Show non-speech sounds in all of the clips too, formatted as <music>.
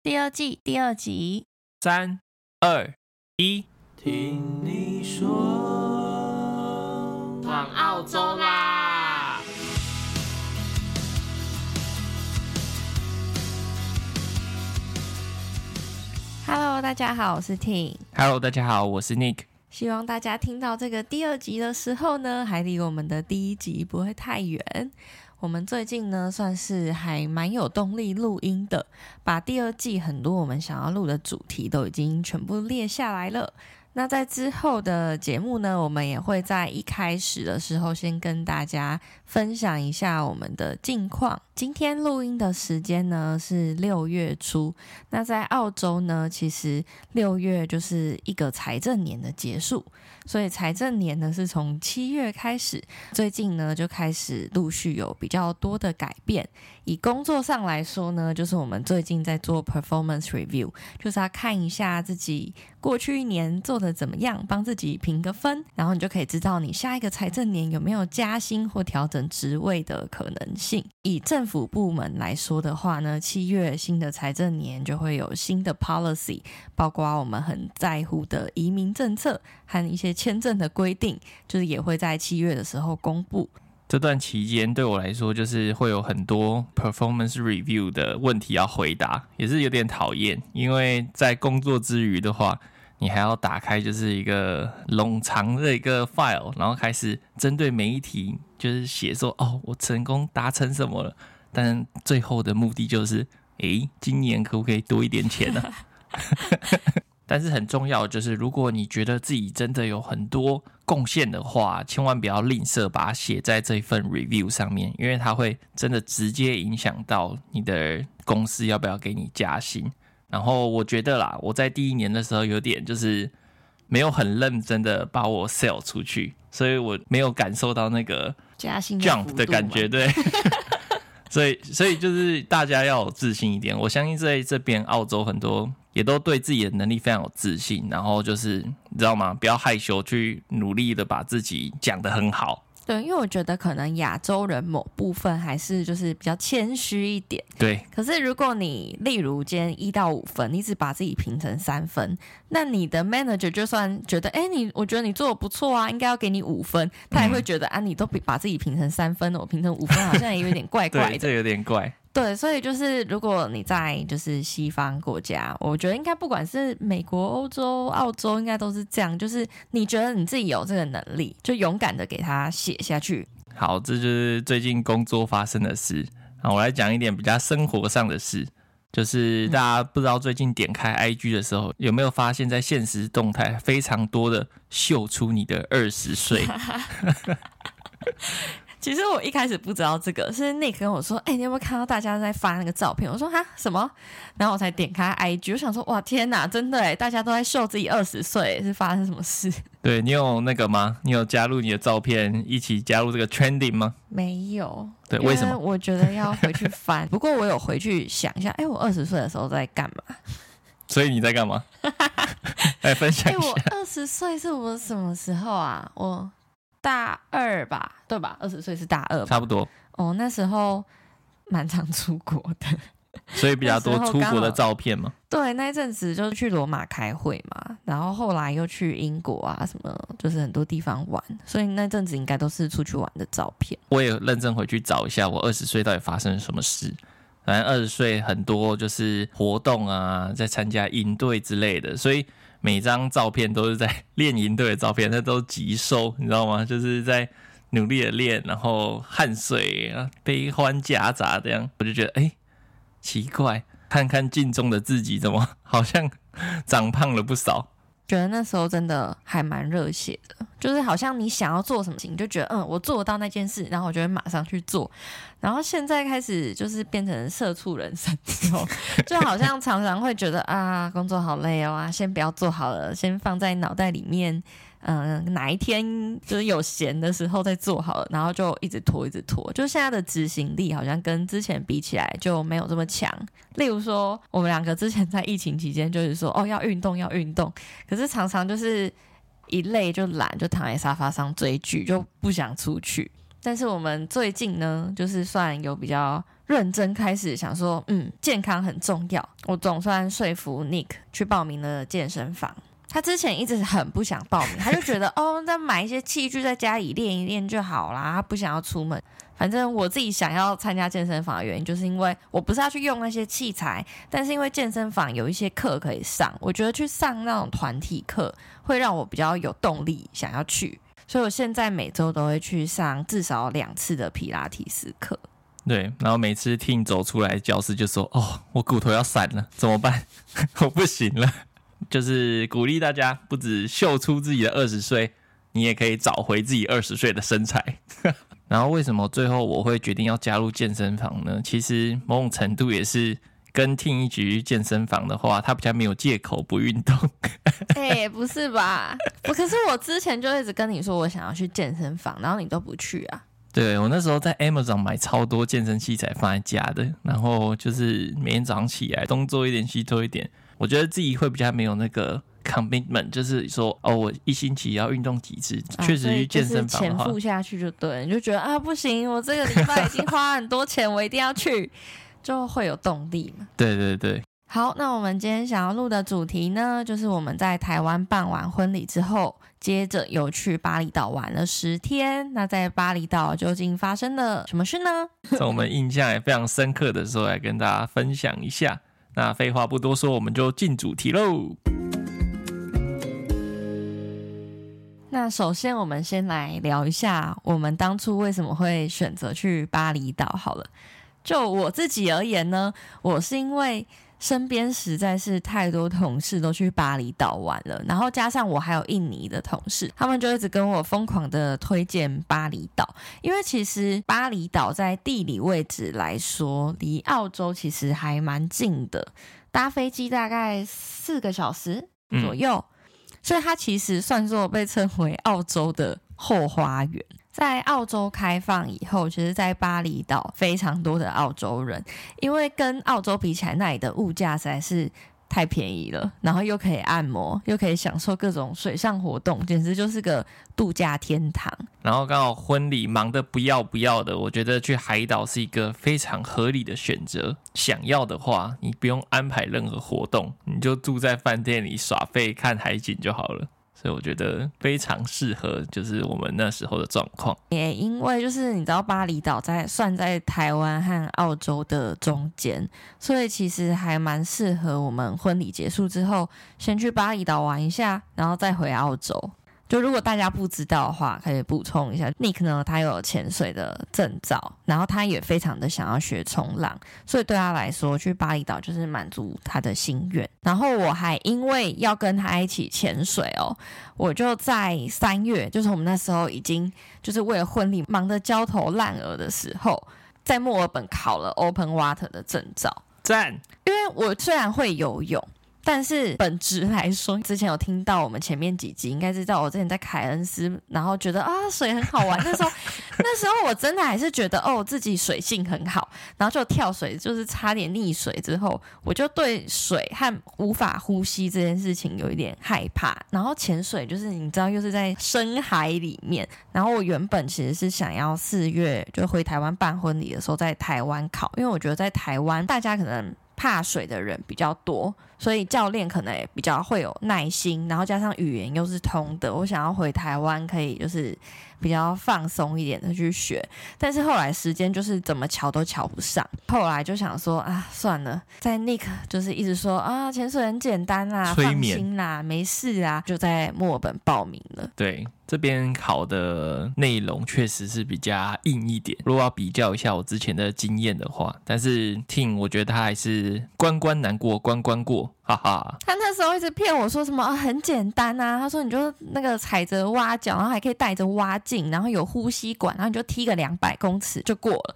第二季第二集，三二一，聽你說往澳洲啦！Hello，大家好，我是 Ting。Hello，大家好，我是 Nick。希望大家聽到這個第二集的時候呢，還離我們的第一集不會太遠。我們最近呢，算是還蠻有動力錄音的，把第二季很多我們想要錄的主題都已經全部列下來了。那在之後的節目呢，我們也會在一開始的時候先跟大家。分享一下我們的近況。今天錄音的時間呢是六月初，那在澳洲呢，其實六月就是一個財政年的結束，所以財政年呢是從七月開始。最近呢就開始陸續有比較多的改變。以工作上來說呢，就是我們最近在做 performance review，就是要看一下自己過去一年做得怎麼樣，幫自己評個分，然後你就可以知道你下一個財政年有沒有加薪或調整。職位的可能性。以政府部門來說的話呢，七月新的財政年就會有新的 policy，包括我們很在乎的移民政策和一些簽證的規定，就是也會在七月的時候公布。這段期間對我來說，就是會有很多 performance review 的問題要回答，也是有點討厭，因為在工作之餘的話，你還要打開就是一個冗長的一個 file，然後開始針對每一題，就是寫說哦，我成功達成什麼了。但最後的目的就是，誒，今年可不可以多一點錢呢，啊？ <laughs> <laughs> 但是很重要，就是如果你覺得自己真的有很多貢獻的話，千萬不要吝嗇把它寫在這份 review 上面，因為它會真的直接影響到你的公司要不要給你加薪。然後我覺得啦，我在第一年的時候有點就是沒有很認真的把我 sell 出去，所以我沒有感受到那個 jump 的感覺，對。 <laughs> <laughs> 所以，所以就是大家要有自信一點。我相信在這邊澳洲很多也都對自己的能力非常有自信。然後就是你知道嗎？不要害羞，去努力的把自己講得很好。對，因為我覺得可能亞洲人某部分還是就是比較謙虛一點。對。可是如果你例如今天一到五分，你只把自己評成三分，那你的 manager 就算覺得，哎，你我覺得你做的不錯啊，應該要給你五分，他也會覺得、嗯、啊，你都比把自己評成三分了，我評成五分好像也有點怪怪的。 <laughs> 對，這有點怪。對，所以就是如果你在就是西方國家，我覺得應該不管是美國、歐洲、澳洲，應該都是這樣。就是你覺得你自己有這個能力，就勇敢的給他寫下去。好，這就是最近工作發生的事啊。我來講一點比較生活上的事，就是大家不知道最近點開 IG 的時候、嗯、有沒有發現，在限時動態非常多的秀出你的二十歲？ <laughs> <laughs> 其實我一開始不知道這個，是那 i 跟我說：“哎、欸，你有沒有看到大家在發那個照片？”我說：“哈什麼？”然後我才點開 IG，我想說：“哇天哪，真的，大家都在秀自己二十歲，是發生什麼事？”對，你有那個嗎？你有加入你的照片一起加入這個 trending 嗎？沒有。對，因為，為什麼？我覺得要回去翻。 <laughs> 不過我有回去想一下，哎、欸，我二十歲的時候在幹嘛？所以你在幹嘛？來、 <laughs> 欸、分享一下。欸、我二十歲是我什麼時候啊？我。大二吧，對吧？二十歲是大二，差不多。哦，那時候蠻常出國的， <laughs> 所以比較多出國的照片嗎？對，那一陣子就是去羅馬開會嘛，然後後來又去英國啊，什麼就是很多地方玩，所以那陣子應該都是出去玩的照片。我也認真回去找一下，我二十歲到底發生了什麼事？反正二十歲很多就是活動啊，在參加營隊之類的，所以。每張照片都是在練營隊的照片，他都急收，你知道嗎？就是在努力的練，然後汗水啊，悲歡夾雜這樣，我就覺得哎，奇怪，看看鏡中的自己，怎麼好像長胖了不少。覺得那時候真的還蠻熱血的，就是好像你想要做什麼事情，你就覺得嗯，我做得到那件事，然後我就會馬上去做。然後現在開始就是變成社畜人生之後，就好像常常會覺得啊，工作好累哦，啊，先不要做好了，先放在腦袋裡面。嗯、呃，哪一天就是有閒的時候再做好了，然後就一直拖，一直拖。就現在的執行力好像跟之前比起來就沒有這麼強。例如說，我們兩個之前在疫情期間就是說，哦，要運動，要運動。可是常常就是一累就懶，就躺在沙發上追劇，就不想出去。但是我們最近呢，就是算有比較認真開始想說，嗯，健康很重要。我總算說服 Nick 去報名了健身房。他之前一直很不想報名，他就覺得哦，再買一些器具在家裡練一練就好啦。他不想要出門。反正我自己想要參加健身房的原因，就是因為我不是要去用那些器材，但是因為健身房有一些課可以上，我覺得去上那種團體課會讓我比較有動力想要去。所以我現在每周都會去上至少兩次的皮拉提斯課。對，然後每次聽走出來，教室就說：“哦，我骨頭要散了，怎麼辦？我不行了。”就是鼓勵大家，不止秀出自己的二十歲，你也可以找回自己二十歲的身材。 <laughs> 然後為什麼最後我會決定要加入健身房呢？其實某種程度也是跟聽一局健身房的話，它比較沒有借口不運動。哎、 <laughs> 欸，不是吧？ <laughs> 我可是我之前就一直跟你說我想要去健身房，然後你都不去啊？對，我那時候在 Amazon 買超多健身器材放在家的，然後就是每天早上起來東做一點，西做一點。我覺得自己會比較沒有那個 commitment，就是說哦，我一星期要運動幾次，啊、確實去健身房的話，啊就是、錢付下去就對，你就覺得啊不行，我這個禮拜已經花很多錢， <laughs> 我一定要去，就會有動力嘛。對對對。好，那我們今天想要錄的主題呢，就是我們在台灣辦完婚禮之後，接着又去巴厘島玩了十天，那在巴厘島究竟發生了什麼事呢？在我們印象也非常深刻的時候來跟大家分享一下。那廢話不多說，我們就進主題嘍。那首先，我們先來聊一下，我們當初為什麼會選擇去峇里島？好了，就我自己而言呢，我是因為。身邊實在是太多同事都去巴厘島玩了，然後加上我還有印尼的同事，他們就一直跟我瘋狂的推薦巴厘島，因為其實巴厘島在地理位置來說，離澳洲其實還蠻近的，搭飛機大概四個小時左右，嗯、所以它其實算作被稱為澳洲的後花園。在澳洲開放以後，其實，在巴厘島非常多的澳洲人，因為跟澳洲比起來，那裡的物價實在是太便宜了，然後又可以按摩，又可以享受各種水上活動，簡直就是個度假天堂。然後剛好婚禮忙得不要不要的，我覺得去海島是一個非常合理的選擇。想要的話，你不用安排任何活動，你就住在飯店裡耍廢，看海景就好了。所以我覺得非常適合，就是我們那時候的狀況。也因為就是你知道，巴厘島在算在台灣和澳洲的中間，所以其實還蠻適合我們婚禮結束之後，先去巴厘島玩一下，然後再回澳洲。就如果大家不知道的話，可以補充一下，Nick 呢，他有潛水的證照，然後他也非常的想要學衝浪，所以對他來說，去巴厘島就是滿足他的心願。然後我還因為要跟他一起潛水哦，我就在三月，就是我們那時候已經就是為了婚禮忙得焦頭爛額的時候，在墨爾本考了 Open Water 的證照，贊！因為我雖然會游泳。但是本質來說，之前有聽到我們前面幾集，應該知道，我之前在凱恩斯，然後覺得啊水很好玩。那時候 <laughs> 那時候我真的還是覺得哦自己水性很好，然後就跳水，就是差點溺水之後，我就對水和無法呼吸這件事情有一點害怕。然後潛水就是你知道又是在深海裡面，然後我原本其實是想要四月就回台灣辦婚禮的時候在台灣考，因為我覺得在台灣大家可能怕水的人比較多。所以教練可能也比較會有耐心，然後加上語言又是通的，我想要回台灣可以就是比較放鬆一點的去學。但是後來時間就是怎麼瞧都瞧不上，後來就想說啊，算了，在 Nick 就是一直說啊，潛水很簡單啦、啊，催眠，放心啦、啊，沒事啊，就在墨爾本報名了。對，這邊考的內容確實是比較硬一點。如果要比較一下我之前的經驗的話，但是 Tim 我覺得他還是關關難過關關過。哈哈， <laughs> 他那時候一直騙我說什麼、啊、很簡單吶、啊，他說你就那個踩着蛙腳，然後還可以帶着蛙鏡，然後有呼吸管，然後你就踢個兩百公尺就過了。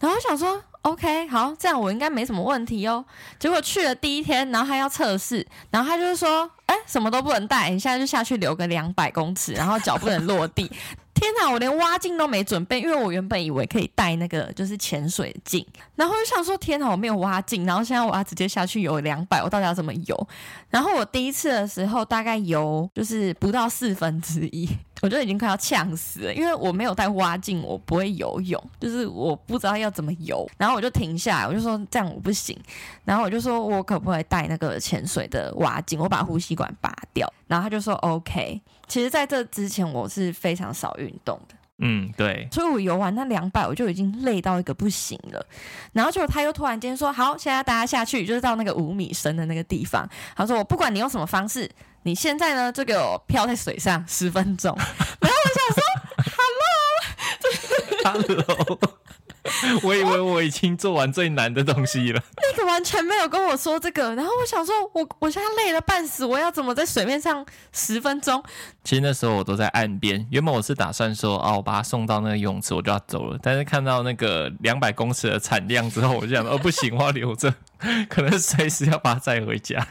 然後我想說，OK，好，這樣我應該沒什麼問題哦。結果去了第一天，然後還要測試，然後他就是說，哎、欸，什麼都不能帶，你現在就下去留個兩百公尺，然後腳不能落地。 <laughs> 天哪，我連蛙鏡都沒準備，因為我原本以為可以帶那個就是潛水鏡，然後就想說天哪，我沒有蛙鏡，然後現在我要直接下去游兩百，我到底要怎麼游？然後我第一次的時候大概游就是不到四分之一，我就已經快要嗆死了，因為我沒有帶蛙鏡，我不會游泳，就是我不知道要怎麼游，然後我就停下來，我就說這樣我不行，然後我就說我可不可以帶那個潛水的蛙鏡，我把呼吸管拔掉，然後他就說 OK。其實，在這之前我是非常少運動的。嗯，對。所以我游完那兩百，我就已經累到一個不行了。然後結果他又突然間說：“好，現在大家下去，就是到那個五米深的那個地方。”他說：“我不管你用什麼方式，你現在呢就給我漂在水上十分鐘。” <laughs> 然後我想說：“Hello，Hello。 <laughs> Hello ” <laughs> <laughs> 我以為我已經做完最難的東西了，那個完全沒有跟我說這個，然後我想說我，我我現在累得半死，我要怎麼在水面上十分鐘？其實那時候我都在岸邊，原本我是打算說，哦，我把他送到那個泳池，我就要走了。但是看到那個兩百公尺的產量之後，我就想說，說，哦，不行，我要留着，可能隨時要把他帶回家。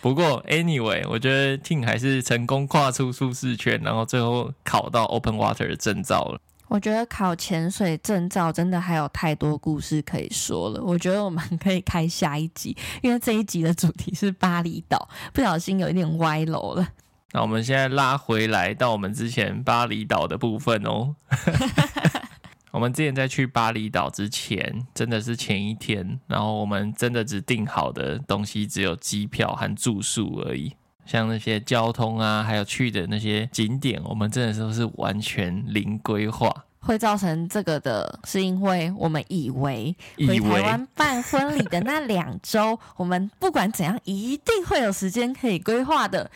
不過，anyway，我覺得 Ting 還是成功跨出舒適圈，然後最後考到 Open Water 的證照了。我覺得考潛水證照真的還有太多故事可以說了。我覺得我們可以開下一集，因為這一集的主題是巴厘島，不小心有一點歪樓了。那我們現在拉回來到我們之前巴厘島的部分哦。 <laughs> <laughs> <laughs> 我們之前在去巴厘島之前，真的是前一天，然後我們真的只訂好的東西只有機票和住宿而已。像那些交通啊，還有去的那些景點，我們真的是都是完全零規劃。會造成這個的，是因為我們以為回台灣辦婚禮的那兩周， <laughs> 我們不管怎樣一定會有時間可以規劃的。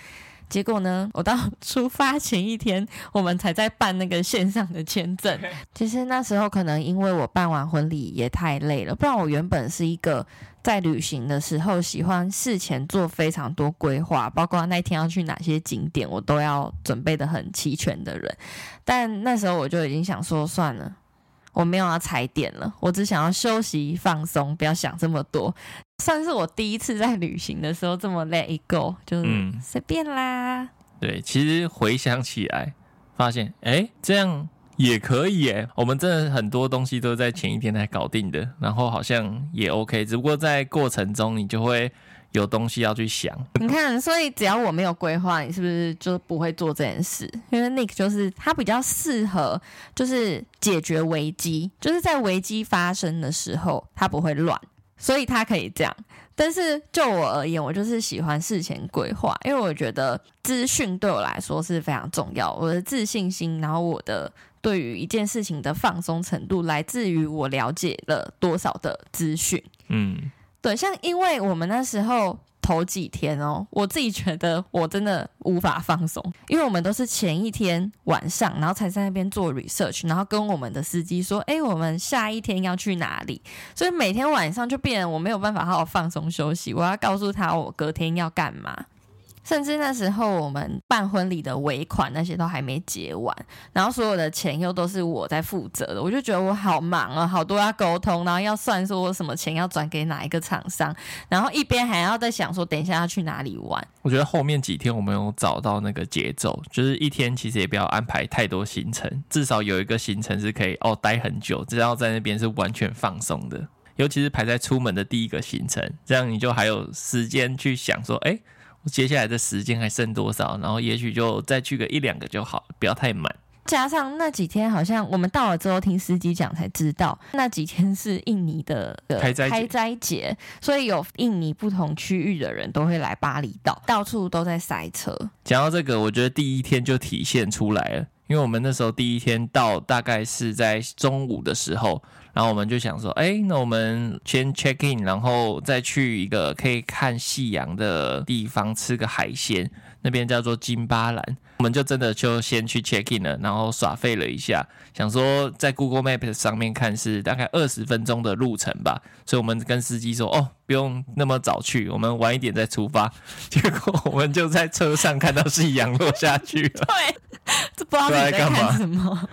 結果呢？我到出發前一天，我們才在辦那個線上的簽證。Okay. 其實那時候可能因為我辦完婚禮也太累了，不然我原本是一個在旅行的時候喜歡事前做非常多規劃，包括那天要去哪些景點，我都要準備得很齊全的人。但那時候我就已經想說，算了，我沒有要踩點了，我只想要休息放鬆，不要想這麼多。算是我第一次在旅行的時候這麼 let it go，就是隨便啦、嗯。對，其實回想起來，發現哎、欸，這樣也可以哎、欸。我們真的很多東西都在前一天才搞定的，然後好像也 OK。只不過在過程中，你就會有東西要去想。你看，所以只要我沒有規劃，你是不是就不會做這件事？因為 Nick 就是他比較適合，就是解決危機，就是在危機發生的時候，他不會亂。所以他可以這樣，但是就我而言，我就是喜歡事前規劃，因為我覺得資訊對我來說是非常重要。我的自信心，然後我的對於一件事情的放鬆程度，來自於我了解了多少的資訊。嗯，對，像因為我們那時候。頭幾天哦，我自己覺得我真的無法放鬆，因為我們都是前一天晚上，然後才在那邊做 research，然後跟我們的司機說，哎，我們下一天要去哪裡，所以每天晚上就變我沒有辦法好好放鬆休息，我要告訴他我隔天要幹嘛。甚至那時候我們辦婚禮的尾款那些都還沒結完，然後所有的錢又都是我在負責的，我就覺得我好忙啊，好多要溝通，然後要算說我什麼錢要轉給哪一個廠商，然後一邊還要在想說等一下要去哪裡玩。我覺得後面幾天我沒有找到那個節奏，就是一天其實也不要安排太多行程，至少有一個行程是可以哦待很久，只要在那邊是完全放鬆的，尤其是排在出門的第一個行程，這樣你就還有時間去想說，哎、欸。接下來的時間還剩多少？然後也許就再去個一兩個就好，不要太滿。加上那幾天，好像我們到了之後聽司機講才知道，那幾天是印尼的、呃、開齋節、開齋節，所以有印尼不同區域的人都會來巴厘島，到處都在塞車。講到這個，我覺得第一天就體現出來了，因為我們那時候第一天到大概是在中午的時候。然後我們就想說，哎，那我們先 check in，然後再去一個可以看夕陽的地方吃個海鮮。那邊叫做金巴蘭，我們就真的就先去 check in 了，然後耍廢了一下，想說在 Google Maps 上面看是大概二十分鐘的路程吧，所以我們跟司機說，哦，不用那麼早去，我們晚一點再出發。結果我們就在車上看到夕陽落下去了。對，這不知道你在看什麼。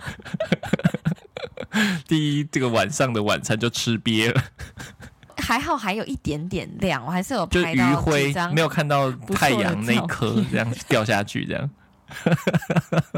第一，這個晚上的晚餐就吃癟了。還好還有一點點亮，我還是有看到餘暉，沒有看到太陽那顆這樣掉下去這樣。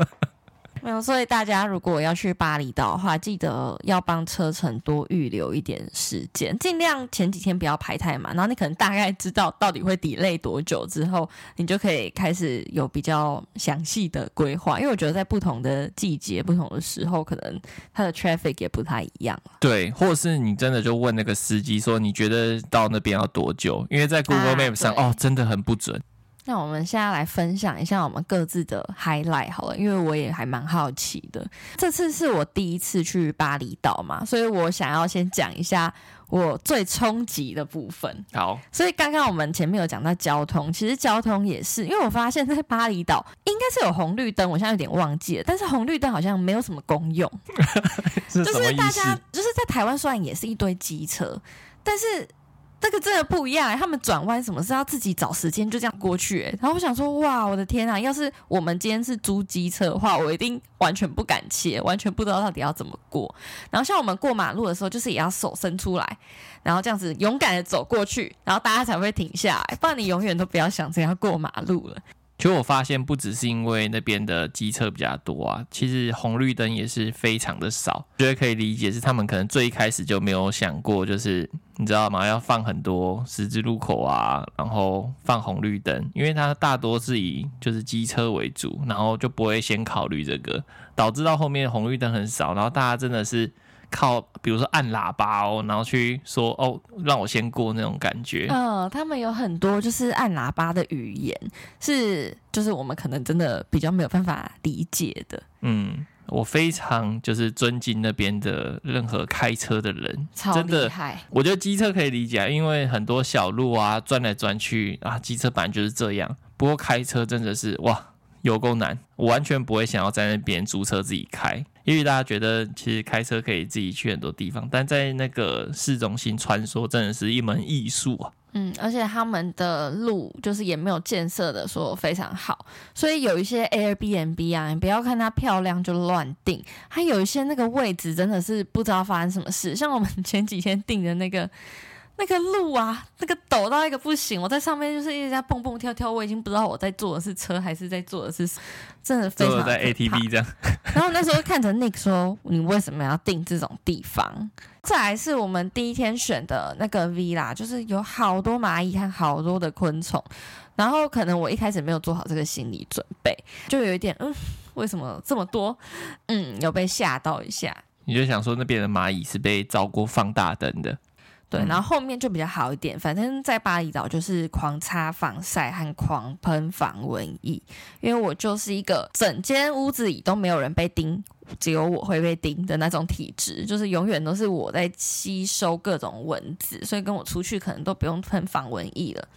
沒有，所以大家如果要去巴厘島的話，記得要幫車程多預留一點時間，盡量前幾天不要排太滿。然後你可能大概知道到底會 delay 多久之後，你就可以開始有比較詳細的規劃。因為我覺得在不同的季節、不同的時候，可能它的 traffic 也不太一樣。對，或者是你真的就問那個司機說，你覺得到那邊要多久？因為在 Google Maps 上，啊、哦，真的很不準。那我們現在來分享一下我們各自的 highlight 好了，因為我也還蠻好奇的。這次是我第一次去巴厘島嘛，所以我想要先講一下我最衝擊的部分。好，所以剛剛我們前面有講到交通，其實交通也是，因為我發現，在巴厘島應該是有紅綠燈，我現在有點忘記了，但是紅綠燈好像沒有什麼功用， <laughs> 是就是大家就是在台灣雖然也是一堆機車，但是。這個真的不一樣，欸，他們轉彎什麼是要自己找時間就這樣過去，欸。然後我想說，哇，我的天啊！要是我們今天是租機車的話，我一定完全不敢切，完全不知道到底要怎麼過。然後像我們過馬路的時候，就是也要手伸出來，然後這樣子勇敢的走過去，然後大家才會停下來，不然你永遠都不要想着要過馬路了。其實我發現不只是因為那邊的機車比較多啊，其實紅綠燈也是非常的少。我覺得可以理解是他們可能最一開始就沒有想過，就是你知道嗎？要放很多十字路口啊，然後放紅綠燈，因為它大多是以就是機車為主，然後就不會先考慮這個，導致到後面紅綠燈很少，然後大家真的是。靠，比如說按喇叭哦，然後去說哦，讓我先過那種感覺。嗯、呃，他們有很多就是按喇叭的語言，是就是我們可能真的比較沒有辦法理解的。嗯，我非常就是尊敬那邊的任何開車的人，真的。我覺得機車可以理解，因為很多小路啊，轉來轉去啊，機車本來就是這樣。不過開車真的是哇，有夠難，我完全不會想要在那邊租車自己開。因為大家覺得其實開車可以自己去很多地方，但在那個市中心穿梭，真的是一門藝術啊！嗯，而且他們的路就是也沒有建設的說非常好，所以有一些 Airbnb 啊，你不要看它漂亮就亂訂。它有一些那個位置真的是不知道發生什麼事。像我們前幾天訂的那個。那個路啊，那個抖到一個不行！我在上面就是一直在蹦蹦跳跳，我已經不知道我在坐的是車還是在坐的是真的非常。坐在 ATV 這樣。然後那時候看着 Nick 說：“ <laughs> 你為什麼要訂這種地方？”再來是我們第一天選的那個 Villa 啦，就是有好多螞蟻和好多的昆蟲。然後可能我一開始沒有做好這個心理準備，就有一點嗯、呃，為什麼這麼多？嗯，有被嚇到一下。你就想說那邊的螞蟻是被照過放大燈的。對，然後後面就比較好一點。反正，在巴厘島就是狂擦防曬和狂噴防蚊液，因為我就是一個整間屋子裡都沒有人被叮，只有我會被叮的那種體質，就是永遠都是我在吸收各種蚊子，所以跟我出去可能都不用噴防蚊液了。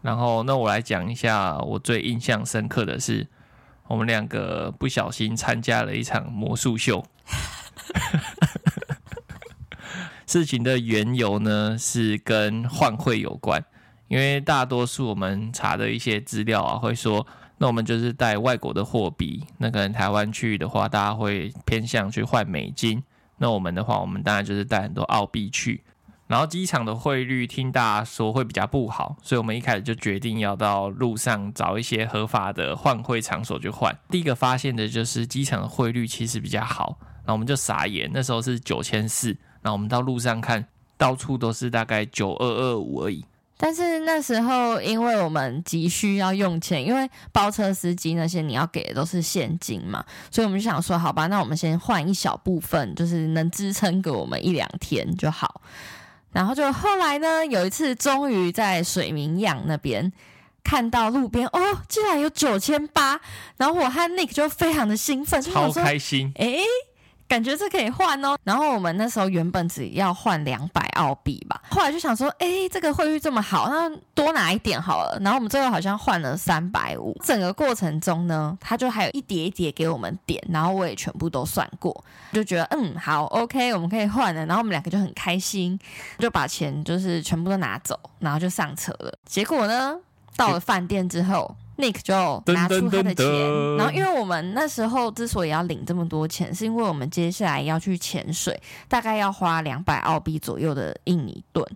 然後，那我來講一下我最印象深刻的是，我們兩個不小心參加了一場魔術秀。 <laughs> 事情的緣由呢，是跟換匯有關，因為大多數我們查的一些資料啊，會說，那我們就是帶外國的貨幣，那可能台灣去的話，大家會偏向去換美金，那我們的話，我們當然就是帶很多澳幣去，然後機場的匯率聽大家說會比較不好，所以我們一開始就決定要到路上找一些合法的換匯場所去換。第一個發現的就是機場的匯率其實比較好，那我們就傻眼，那時候是九千四。那我們到路上看到處都是大概九二二五而已，但是那時候因為我們急需要用錢，因為包車司機那些你要給的都是現金嘛，所以我們就想說，好吧，那我們先換一小部分，就是能支撐給我們一兩天就好。然後就後來呢，有一次終於在水明漾那邊看到路邊哦，竟然有九千八，然後我和 Nick 就非常的興奮，超開心，哎。感覺是可以換哦，然後我們那時候原本只要換兩百澳幣吧，後來就想說，哎，這個匯率這麼好，那多拿一點好了。然後我們最後好像換了三百五，整個過程中呢，他就還有一疊一疊給我們點，然後我也全部都算過，就覺得嗯好，OK，我們可以換了。然後我們兩個就很開心，就把錢就是全部都拿走，然後就上車了。結果呢，到了飯店之後，欸 Nick 就拿出他的錢，噔噔噔噔。然後因為我們那時候之所以要領這麼多錢，是因為我們接下來要去潛水，大概要花兩百澳幣左右的印尼盾，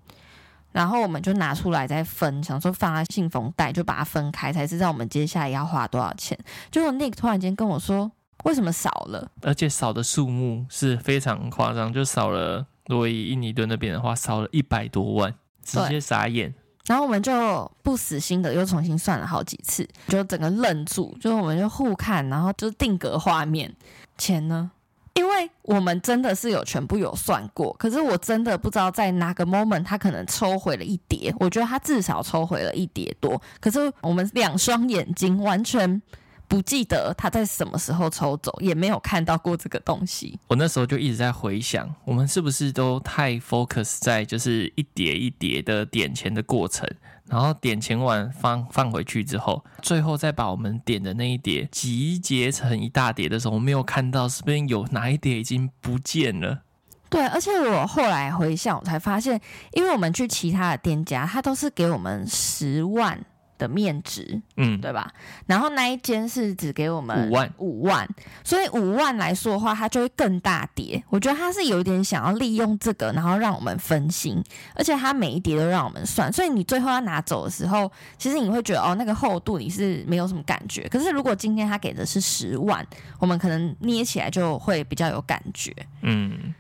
然後我們就拿出來再分，想說放在信封袋就把它分開，才知道我們接下來要花多少錢。結果 Nick 突然間跟我說：“為什麼少了？而且少的數目是非常誇張，就少了，如果以印尼盾那邊的話，少了一百多萬，對直接傻眼。”然後我們就不死心的又重新算了好幾次，就整個愣住，就我們就互看，然後就定格畫面。錢呢？因為我們真的是有全部有算過，可是我真的不知道在哪個 moment 他可能抽回了一疊，我覺得他至少抽回了一疊多，可是我們兩雙眼睛完全。不記得他在什麼時候抽走，也沒有看到過這個東西。我那時候就一直在回想，我們是不是都太 focus 在就是一疊一疊的點錢的過程，然後點錢完放放回去之後，最後再把我們點的那一疊集結成一大疊的時候，我沒有看到是不是有哪一疊已經不見了。對，而且我後來回想，我才發現，因為我們去其他的店家，他都是給我們十萬。的面值，嗯，對吧？然後那一間是只給我們五萬，五萬，所以五萬來說的話，它就會更大疊。我覺得他是有一點想要利用這個，然後讓我們分心，而且他每一疊都讓我們算，所以你最後要拿走的時候，其實你會覺得哦，那個厚度你是沒有什麼感覺。可是如果今天他給的是十萬，我們可能捏起來就會比較有感覺，嗯。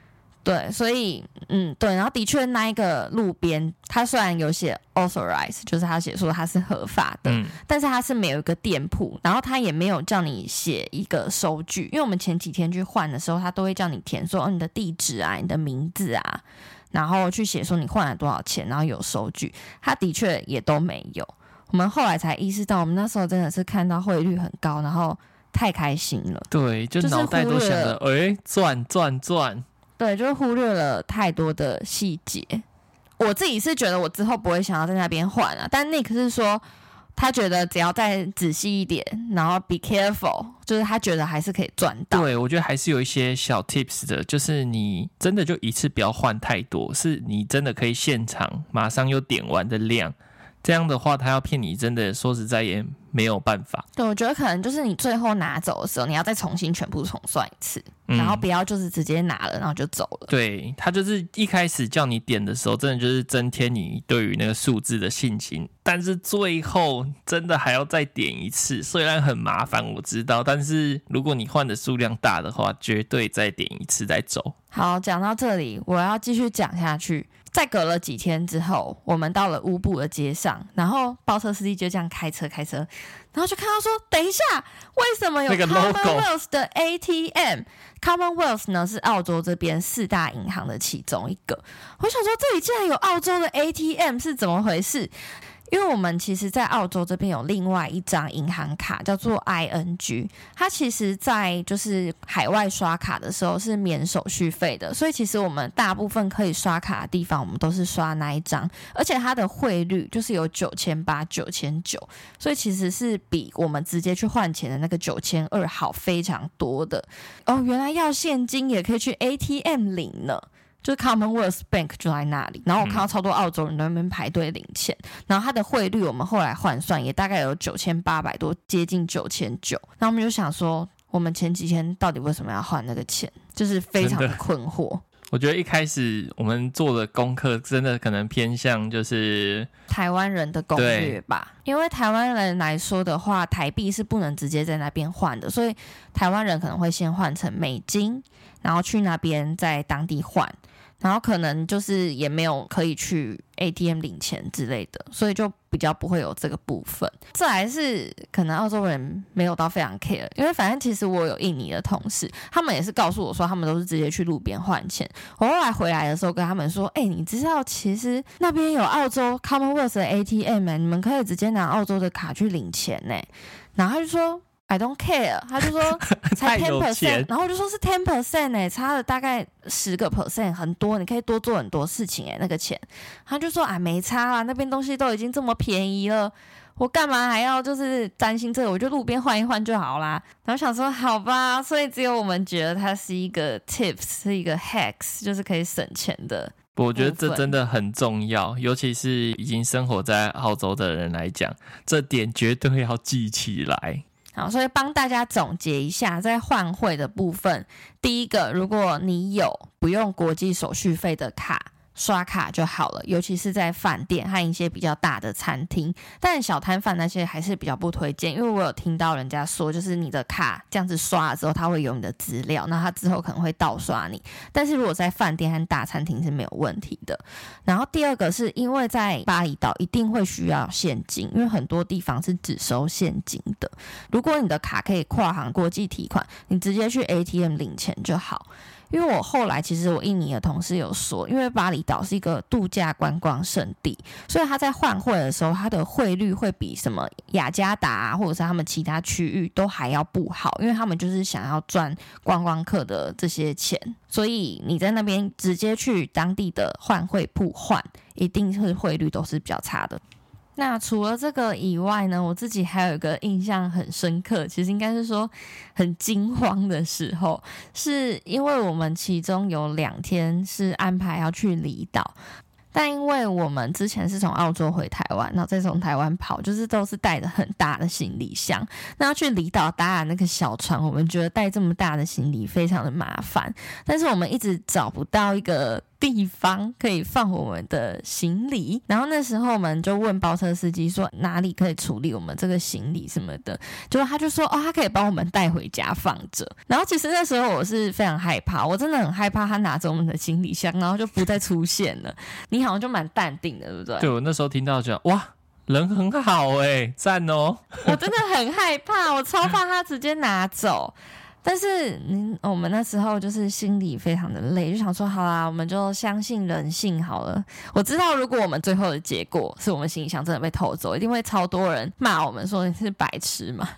對，所以嗯，對，然後的確那一個路邊，他雖然有寫 authorize，就是他寫說他是合法的，嗯、但是他是沒有一個店鋪，然後他也沒有叫你寫一個收據，因為我們前幾天去換的時候，他都會叫你填說，哦，你的地址啊，你的名字啊，然後去寫說你換了多少錢，然後有收據，他的確也都沒有。我們後來才意識到，我們那時候真的是看到匯率很高，然後太開心了，對，就腦袋都想着，哎，賺賺、欸、賺。賺賺對，就是忽略了太多的細節。我自己是覺得，我之後不會想要在那邊換啊。但 Nick 是說，他覺得只要再仔細一點，然後 be careful，就是他覺得還是可以賺到。對，我覺得還是有一些小 tips 的，就是你真的就一次不要換太多，是你真的可以現場馬上又點完的量。這樣的話，他要騙你，真的說實在也沒有辦法。對，我覺得可能就是你最後拿走的時候，你要再重新全部重算一次，嗯、然後不要就是直接拿了，然後就走了。對，他就是一開始叫你點的時候，真的就是增添你對於那個數字的信心，但是最後真的還要再點一次，雖然很麻煩，我知道，但是如果你換的數量大的話，絕對再點一次再走。好，講到這裡，我要繼續講下去。在隔了幾天之後，我們到了烏布的街上，然後包車司機就這樣開車開車，然後就看到說，等一下，為什麼有 com、well、的 Commonwealth 的 ATM？Commonwealth 呢是澳洲這邊四大銀行的其中一個，我想說這裡竟然有澳洲的 ATM 是怎麼回事？因為我們其實，在澳洲這邊有另外一張銀行卡，叫做 ING。它其實，在就是海外刷卡的時候是免手續費的，所以其實我們大部分可以刷卡的地方，我們都是刷那一張。而且它的匯率就是有九千八、九千九，所以其實是比我們直接去換錢的那個九千二好非常多的。哦，原來要現金也可以去 ATM 領呢。就是 Commonwealth Bank 就在那裡，然後我看到超多澳洲人都在那邊排隊領錢，嗯、然後它的匯率我們後來換算也大概有九千八百多，接近九千九。那我們就想說，我們前幾天到底為什麼要換那個錢，就是非常的困惑。我覺得一開始我們做的功課真的可能偏向就是台灣人的攻略吧，對因為台灣人來說的話，台幣是不能直接在那邊換的，所以台灣人可能會先換成美金。然後去那邊在當地換，然後可能就是也沒有可以去 ATM 領錢之類的，所以就比較不會有這個部分。這還是可能澳洲人沒有到非常 care，因為反正其實我有印尼的同事，他們也是告訴我說他們都是直接去路邊換錢。我後來回來的時候跟他們說，誒、欸，你知道其實那邊有澳洲 Commonwealth 的 ATM 欸，你們可以直接拿澳洲的卡去領錢呢、欸。然後他就說。I don't care，他就說才 ten percent， <laughs> 錢然後就說是 ten percent 哎，差了大概十個 percent 很多，你可以多做很多事情誒、欸，那個錢，他就說啊沒差啦，那邊東西都已經這麼便宜了，我幹嘛還要就是擔心這個？我就路邊換一換就好啦。然後想說好吧，所以只有我們覺得它是一個 tips，是一個 hacks，就是可以省錢的。我覺得這真的很重要，尤其是已經生活在澳洲的人來講，這點絕對要記起來。好，所以幫大家總結一下，在換匯的部分，第一個，如果你有不用國際手續費的卡。刷卡就好了，尤其是在飯店和一些比較大的餐廳，但小攤販那些還是比較不推薦，因為我有聽到人家說，就是你的卡這樣子刷了之後，它會有你的資料，那它之後可能會盜刷你。但是如果在飯店和大餐廳是沒有問題的。然後第二個是因為在巴厘島一定會需要現金，因為很多地方是只收現金的。如果你的卡可以跨行國際提款，你直接去 ATM 領錢就好。因為我後來其實我印尼的同事有說，因為巴厘島是一個度假觀光勝地，所以他在換匯的時候，他的匯率會比什麼雅加達啊，或者是他們其他區域都還要不好，因為他們就是想要賺觀光客的這些錢，所以你在那邊直接去當地的換匯鋪換，一定是匯率都是比較差的。那除了這個以外呢，我自己還有一個印象很深刻，其實應該是說很驚慌的時候，是因為我們其中有兩天是安排要去離島，但因為我們之前是從澳洲回台灣，然後再從台灣跑，就是都是帶着很大的行李箱，那要去離島搭那個小船，我們覺得帶這麼大的行李非常的麻煩，但是我們一直找不到一個。地方可以放我們的行李，然後那時候我們就問包車司機說哪裡可以處理我們這個行李什麼的，結果他就說哦，他可以幫我們帶回家放着。然後其實那時候我是非常害怕，我真的很害怕他拿着我們的行李箱，然後就不再出現了。你好像就蠻淡定的，對不對？對，我那時候聽到就哇，人很好欸，讚哦！ <laughs> 我真的很害怕，我超怕他直接拿走。但是，您我們那時候就是心裡非常的累，就想說好啦，我們就相信人性好了。我知道，如果我們最後的結果是我們行李箱真的被偷走，一定會超多人罵我們說你是白痴嘛？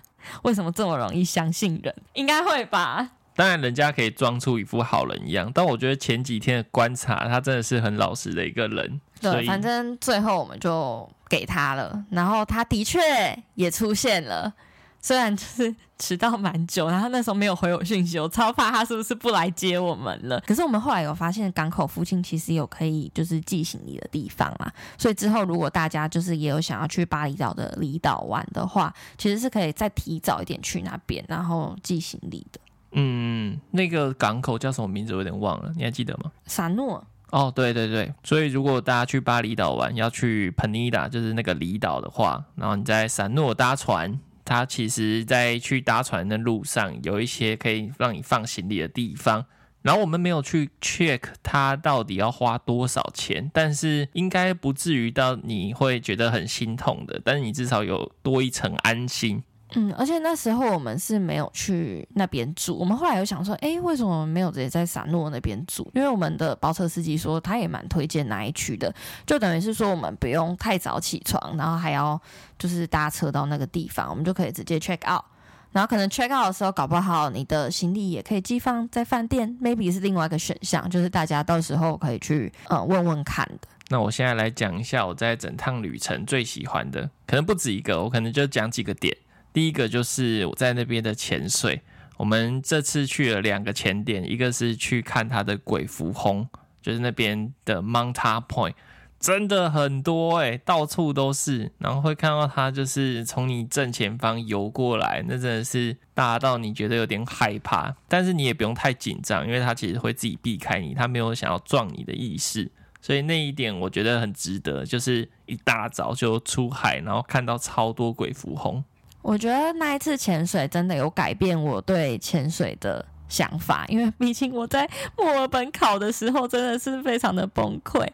為什麼這麼容易相信人？應該會吧。當然，人家可以裝出一副好人一樣，但我覺得前幾天的觀察，他真的是很老實的一個人。對，反正最後我們就給他了，然後他的確也出現了。雖然就是遲到蠻久，然後他那時候沒有回我信息，我超怕他是不是不來接我們了。可是我們後來有發現，港口附近其實有可以就是寄行李的地方嘛，所以之後如果大家就是也有想要去巴厘島的離島玩的話，其實是可以再提早一點去那邊，然後寄行李的。嗯，那個港口叫什麼名字？我有點忘了，你還記得嗎？散諾諾。哦，對對對，所以如果大家去巴厘島玩，要去 Penida，就是那個離島的話，然後你在散諾搭船。他其實在去搭船的路上，有一些可以讓你放行李的地方。然後我們沒有去 check 他到底要花多少錢，但是應該不至於到你會覺得很心痛的。但是你至少有多一層安心。嗯，而且那時候我們是沒有去那邊住。我們後來有想說，哎、欸，為什麼我們沒有直接在撒諾那邊住？因為我們的包車司機說，他也蠻推薦那一區的。就等於是說，我們不用太早起床，然後還要就是搭車到那個地方，我們就可以直接 check out。然後可能 check out 的時候，搞不好你的行李也可以寄放在飯店，maybe 是另外一個選項，就是大家到時候可以去嗯問問看的。那我現在來講一下我在整趟旅程最喜歡的，可能不止一個，我可能就講幾個點。第一個就是我在那邊的潛水，我們這次去了兩個潛點，一個是去看它的鬼蝠魟，就是那邊的 Manta Point，真的很多誒、欸，到處都是。然後會看到他就是從你正前方游過來，那真的是大到你覺得有點害怕，但是你也不用太緊張，因為他其實會自己避開你，他沒有想要撞你的意思，所以那一點我覺得很值得，就是一大早就出海，然後看到超多鬼蝠魟。我覺得那一次潛水真的有改變我對潛水的想法，因為畢竟我在墨爾本考的時候真的是非常的崩潰，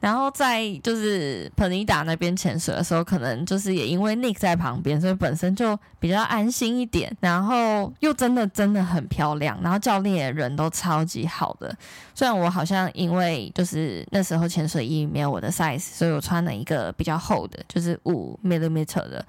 然後在就是彭尼達那邊潛水的時候，可能就是也因為 Nick 在旁邊，所以本身就比較安心一點，然後又真的真的很漂亮，然後教練也人都超級好的，雖然我好像因為就是那時候潛水衣沒有我的 size，所以我穿了一個比較厚的，就是五 millimeter 的。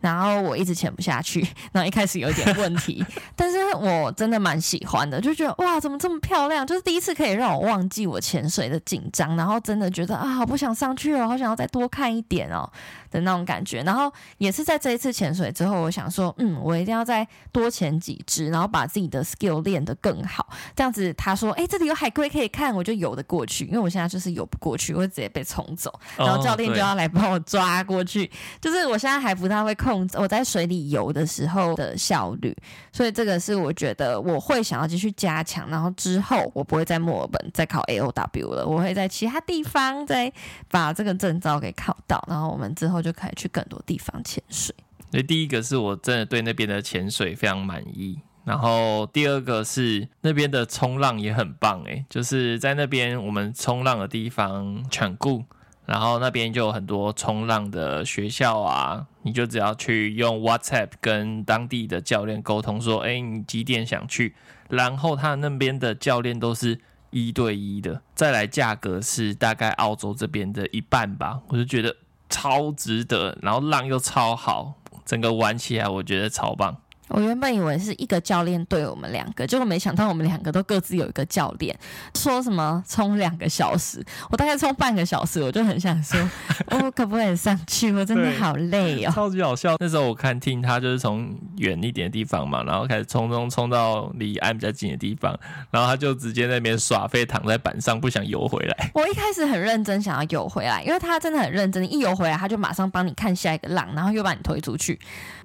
然後我一直潛不下去，然後一開始有點問題， <laughs> 但是我真的蠻喜歡的，就覺得哇，怎麼這麼漂亮？就是第一次可以讓我忘記我潛水的緊張，然後真的覺得啊，好不想上去哦，好想要再多看一點哦的那種感覺。然後也是在這一次潛水之後，我想說，嗯，我一定要再多潛幾支，然後把自己的 skill 練得更好。這樣子，他說，哎，這裡有海龜可以看，我就游得過去，因為我現在就是游不過去，會直接被沖走，然後教練就要來幫我抓過去。哦、就是我現在還不太會。我在水裡游的時候的效率，所以這個是我覺得我會想要繼續加強。然後之後我不會在墨爾本再考 AOW 了，我會在其他地方再把這個證照給考到。然後我們之後就可以去更多地方潛水。所以第一個是我真的對那邊的潛水非常滿意。然後第二個是那邊的衝浪也很棒哎、欸，就是在那邊我們衝浪的地方 Canggu 然後那邊就有很多衝浪的學校啊。你就只要去用 WhatsApp 跟當地的教練溝通，說，哎，你幾點想去？然後他那邊的教練都是一對一的，再來價格是大概澳洲這邊的一半吧，我就覺得超值得，然後浪又超好，整個玩起來我覺得超棒。我原本以為是一個教練對我們兩個，結果沒想到我們兩個都各自有一個教練。說什麼衝兩個小時，我大概衝半個小時，我就很想說、 <laughs> 哦，我可不可以上去？我真的好累哦！超級好笑，那時候我看 Tim 就是從遠一點的地方嘛，然後開始衝衝衝到離岸比較近的地方，然後他就直接那邊耍廢，躺在板上不想游回來。我一開始很認真想要游回來，因為他真的很認真，一游回來他就馬上幫你看下一個浪，然後又把你推出去。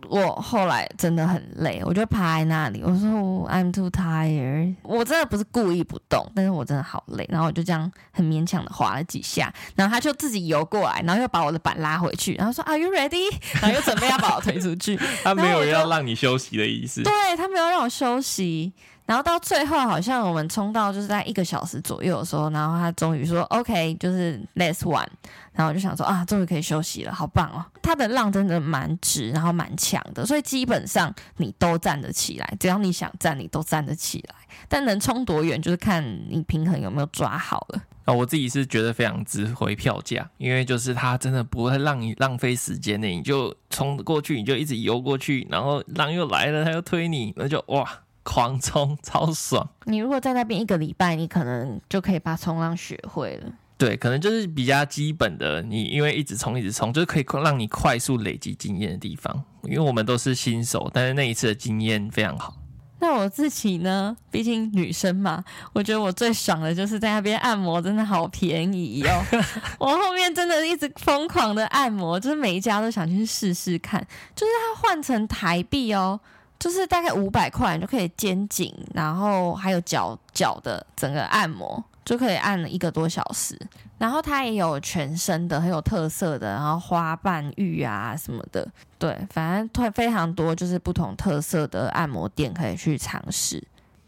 我後來真的很累，我就趴在那裡。我說，Oh, I'm too tired。我真的不是故意不動，但是我真的好累。然後我就這樣很勉強的滑了幾下，然後他就自己游過來，然後又把我的板拉回去，然後說，Are you ready？然後又準備要把我推出去。 <laughs> 他沒有要讓你休息的意思。對，他沒有讓我休息。然後到最後，好像我們衝到就是在一個小時左右的時候，然後他終於說 OK，就是 last one。然後我就想說啊，終於可以休息了，好棒哦！他的浪真的蠻直，然後蠻強的，所以基本上你都站得起來，只要你想站，你都站得起來。但能衝多遠，就是看你平衡有沒有抓好了。啊，我自己是覺得非常值回票價，因為就是他真的不會浪浪費時間的，你就衝過去，你就一直游過去，然後浪又來了，他又推你，那就哇。狂衝超爽！你如果在那邊一個禮拜，你可能就可以把衝浪學會了。對，可能就是比較基本的。你因為一直衝，一直衝，就是可以讓你快速累積經驗的地方。因為我們都是新手，但是那一次的經驗非常好。那我自己呢？畢竟女生嘛，我覺得我最爽的就是在那邊按摩，真的好便宜哦！ <laughs> 我後面真的一直瘋狂的按摩，就是每一家都想去試試看。就是它換成台幣哦。就是大概五百塊就可以肩頸，然後還有腳腳的整個按摩，就可以按了一個多小時。然後它也有全身的，很有特色的，然後花瓣浴啊什麼的。對，反正特非常多，就是不同特色的按摩店可以去嘗試。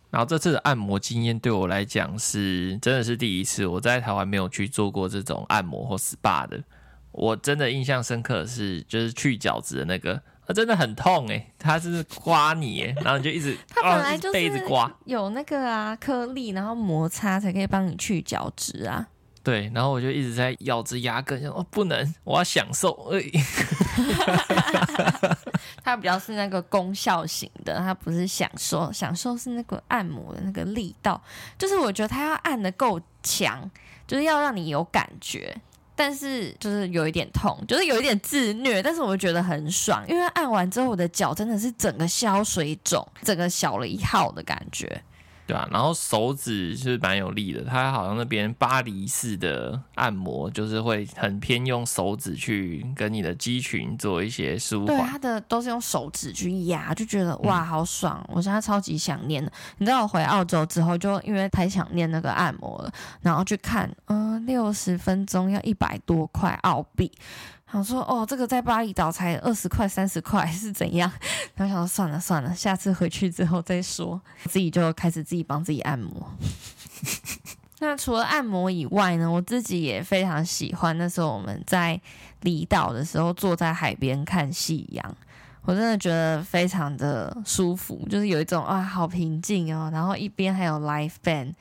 然後這次的按摩經驗對我來講是真的是第一次，我在台灣沒有去做過這種按摩或 SPA 的。我真的印象深刻的是就是去角質的那個。它、啊、真的很痛哎、欸，它是刮你，欸，然後你就一直它 <laughs> 本來就是被刮，有那個啊顆粒，然後摩擦才可以幫你去角質啊。對，然後我就一直在咬着牙根想，哦不能，我要享受。哎、欸，它 <laughs> <laughs> 比較是那個功效型的，它不是享受，享受是那個按摩的那個力道，就是我覺得它要按得夠強，就是要讓你有感覺。但是就是有一點痛，就是有一點自虐，但是我覺得很爽，因為按完之後我的腳真的是整個消水腫，整個小了一號的感覺。對啊，然後手指是蠻有力的，他好像那邊峇里式的按摩，就是會很偏用手指去跟你的肌群做一些舒緩。對，他的都是用手指去壓，就覺得哇，好爽！我現在超級想念，你知道我回澳洲之後，就因為太想念那個按摩了，然後去看，嗯、呃，六十分鐘要一百多塊澳幣。他說：“哦，這個在巴厘島才二十塊、三十塊是怎樣？”然後想說：“算了算了，下次回去之後再說。”自己就開始自己幫自己按摩。 <laughs> 那除了按摩以外呢，我自己也非常喜歡。那時候我們在離島的時候，坐在海邊看夕陽，我真的覺得非常的舒服，就是有一種啊，好平靜哦。然後一邊還有 live band，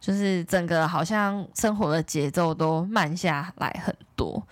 就是整個好像生活的節奏都慢下來很多。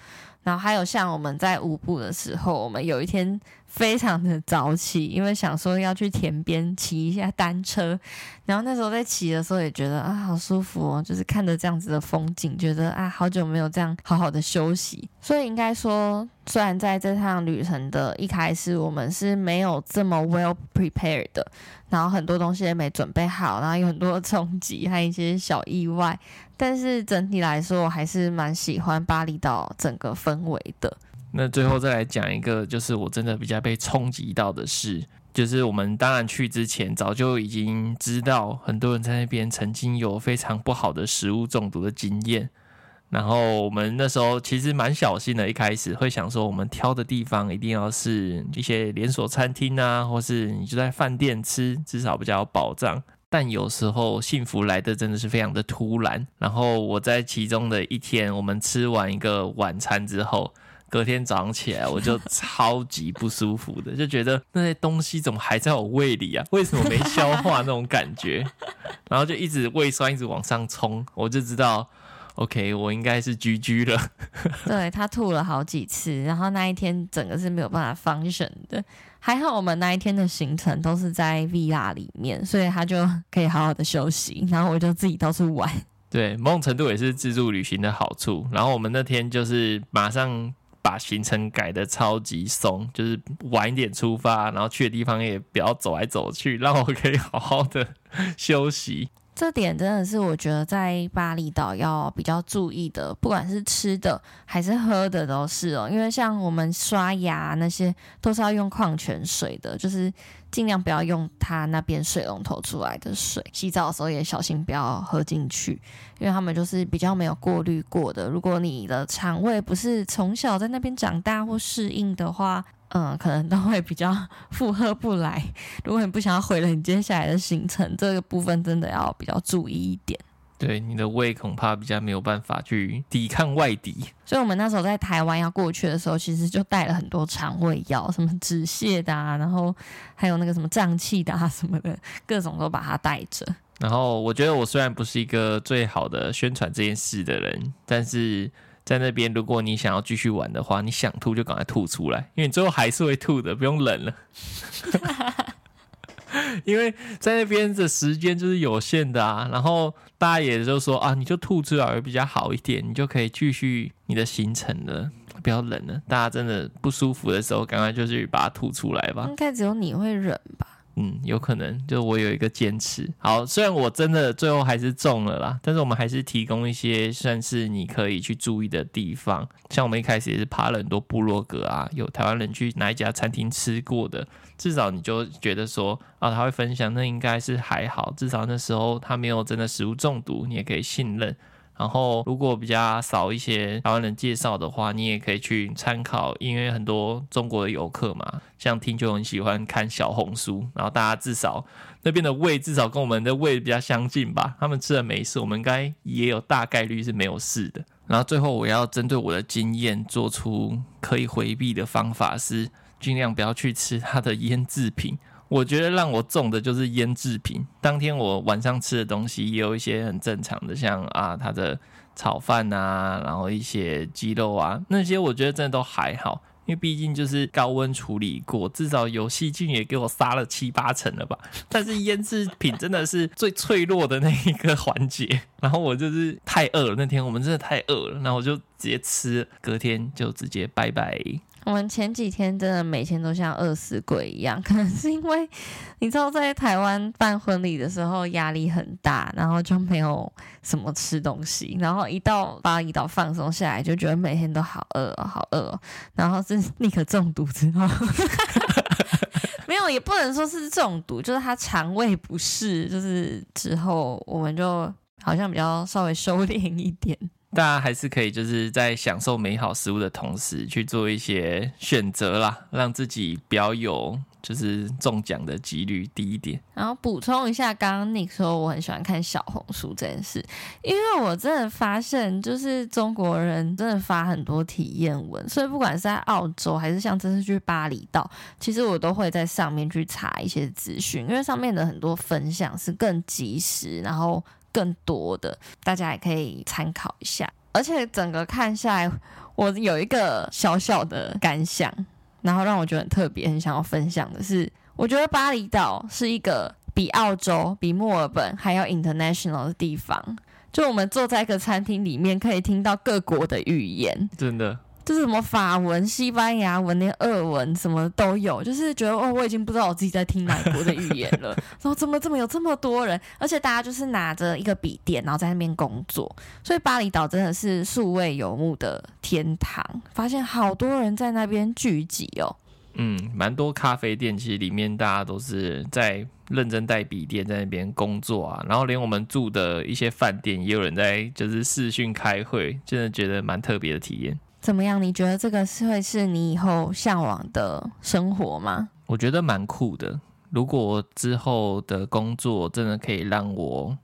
然後還有像我們在烏布的時候，我們有一天非常的早起，因為想說要去田邊騎一下單車。然後那時候在騎的時候也覺得啊，好舒服哦，就是看着這樣子的風景，覺得啊，好久沒有這樣好好的休息。所以應該說，雖然在這趟旅程的一開始，我們是沒有這麼 well prepared 的，然後很多東西也沒準備好，然後有很多的衝擊和一些小意外。但是整體來說，我還是蠻喜歡峇里島整個氛圍的。那最後再來講一個，就是我真的比較被衝擊到的事，就是我們當然去之前早就已經知道，很多人在那邊曾經有非常不好的食物中毒的經驗。然後我們那時候其實蠻小心的，一開始會想說，我們挑的地方一定要是一些連鎖餐廳啊，或是你就在飯店吃，至少比較有保障。但有時候幸福來的真的是非常的突然。然後我在其中的一天，我們吃完一個晚餐之後，隔天早上起來我就超級不舒服的， <laughs> 就覺得那些東西怎麼還在我胃裡啊？為什麼沒消化那種感覺？ <laughs> 然後就一直胃酸一直往上衝，我就知道，OK，我應該是 GG 了。 <laughs> 對，他吐了好幾次，然後那一天整個是沒有辦法 function 的。還好我們那一天的行程都是在 villa 裡面，所以他就可以好好的休息，然後我就自己到處玩。對，某種程度也是自助旅行的好處。然後我們那天就是馬上把行程改得超級鬆，就是晚一點出發，然後去的地方也不要走來走去，讓我可以好好的休息。這點真的是我覺得在巴厘島要比較注意的，不管是吃的還是喝的都是哦，因為像我們刷牙那些都是要用礦泉水的，就是盡量不要用它那邊水龍頭出來的水，洗澡的時候也小心不要喝進去，因為他們就是比較沒有過濾過的。如果你的腸胃不是從小在那邊長大或適應的話。嗯，可能都會比較負荷不來。如果你不想要毀了你接下來的行程，這個部分真的要比較注意一點。對，你的胃恐怕比較沒有辦法去抵抗外敵。所以我們那時候在台灣要過去的時候，其實就帶了很多腸胃藥，什麼止瀉的啊，然後還有那個什麼脹氣的啊，什麼的，各種都把它帶着。然後我覺得我雖然不是一個最好的宣傳這件事的人，但是。在那邊，如果你想要繼續玩的話，你想吐就趕快吐出來，因為你最後還是會吐的，不用忍了。 <laughs> 因為在那邊的時間就是有限的啊，然後大家也就說啊，你就吐出來會比較好一點，你就可以繼續你的行程了。不要忍了，大家真的不舒服的時候，趕快就去把它吐出來吧。應該只有你會忍吧？嗯，有可能，就是我有一個堅持。好，雖然我真的最後還是中了啦，但是我們還是提供一些算是你可以去注意的地方。像我們一開始也是爬了很多部落格啊，有台灣人去哪一家餐廳吃過的，至少你就覺得說啊，他會分享，那應該是還好，至少那時候他沒有真的食物中毒，你也可以信任。然後，如果比較少一些台灣人介紹的話，你也可以去參考，因為很多中國的遊客嘛，像聽就很喜歡看小紅書。然後大家至少那邊的胃至少跟我們的胃比較相近吧，他們吃了沒事，我們應該也有大概率是沒有事的。然後最後，我要針對我的經驗做出可以回避的方法是，儘量不要去吃它的醃製品。我覺得讓我中的就是醃製品。當天我晚上吃的東西也有一些很正常的，像啊，它的炒飯啊，然後一些雞肉啊，那些我覺得真的都還好，因為畢竟就是高溫處理過，至少有細菌也給我殺了七八成了吧。但是醃製品真的是最脆弱的那一個環節。然後我就是太餓了，那天我們真的太餓了，然後我就直接吃，隔天就直接拜拜。我們前幾天真的每天都像餓死鬼一樣，可能是因為你知道，在台灣辦婚禮的時候壓力很大，然後就沒有什麼吃東西，然後一到巴厘島放鬆下來，就覺得每天都好餓哦，好餓哦。然後是 Nick 中毒之後， <laughs> <laughs> 沒有也不能說是中毒，就是他腸胃不適。就是之後我們就好像比較稍微收斂一點。大家還是可以就是在享受美好食物的同時去做一些選擇啦，讓自己比較有就是中獎的幾率低一點。然後補充一下，剛剛 Nick 說我很喜歡看小紅書這件事，因為我真的發現就是中國人真的發很多體驗文，所以不管是在澳洲還是像這次去巴厘島，其實我都會在上面去查一些資訊，因為上面的很多分享是更及時，然後。更多的，大家也可以參考一下。而且整個看下來，我有一個小小的感想，然後讓我覺得很特別、很想要分享的是，我覺得巴厘島是一個比澳洲、比墨爾本還要 international 的地方。就我們坐在一個餐廳裡面，可以聽到各國的語言，真的。就是什麼法文、西班牙文、連俄文什麼都有，就是覺得哦，我已經不知道我自己在聽哪國的語言了。 <laughs> 然後怎麼怎麼有這麼多人，而且大家就是拿着一個筆電，然後在那邊工作。所以巴厘島真的是數位游牧的天堂。發現好多人在那邊聚集哦。嗯，蠻多咖啡店，其實裡面大家都是在認真帶筆電在那邊工作啊。然後連我們住的一些飯店，也有人在就是視訊開會，真的覺得蠻特別的體驗。怎麼樣？你覺得這個是會是你以後嚮往的生活嗎？我覺得蠻酷的。如果之後的工作真的可以讓我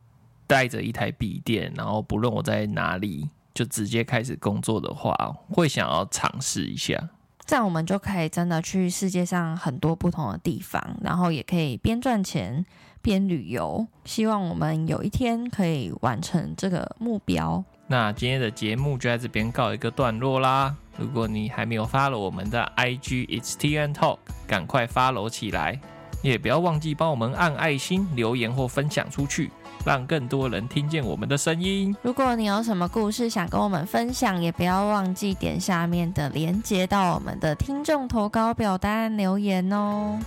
帶着一台筆電，然後不論我在哪裡，就直接開始工作的話，會想要嘗試一下。這樣我們就可以真的去世界上很多不同的地方，然後也可以邊賺錢邊旅遊。希望我們有一天可以完成這個目標。那今天的節目就在這邊告一個段落啦！如果你還沒有 follow 我們的 IG It's TNT Talk，趕快 follow 起來，也不要忘記幫我們按愛心、留言或分享出去，讓更多人聽見我們的聲音。如果你有什麼故事想跟我們分享，也不要忘記點下面的連接到我們的聽眾投稿表單留言哦。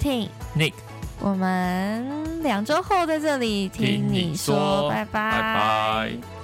聽 Nick，我們兩周後在這裡聽你說，你說拜拜。拜拜。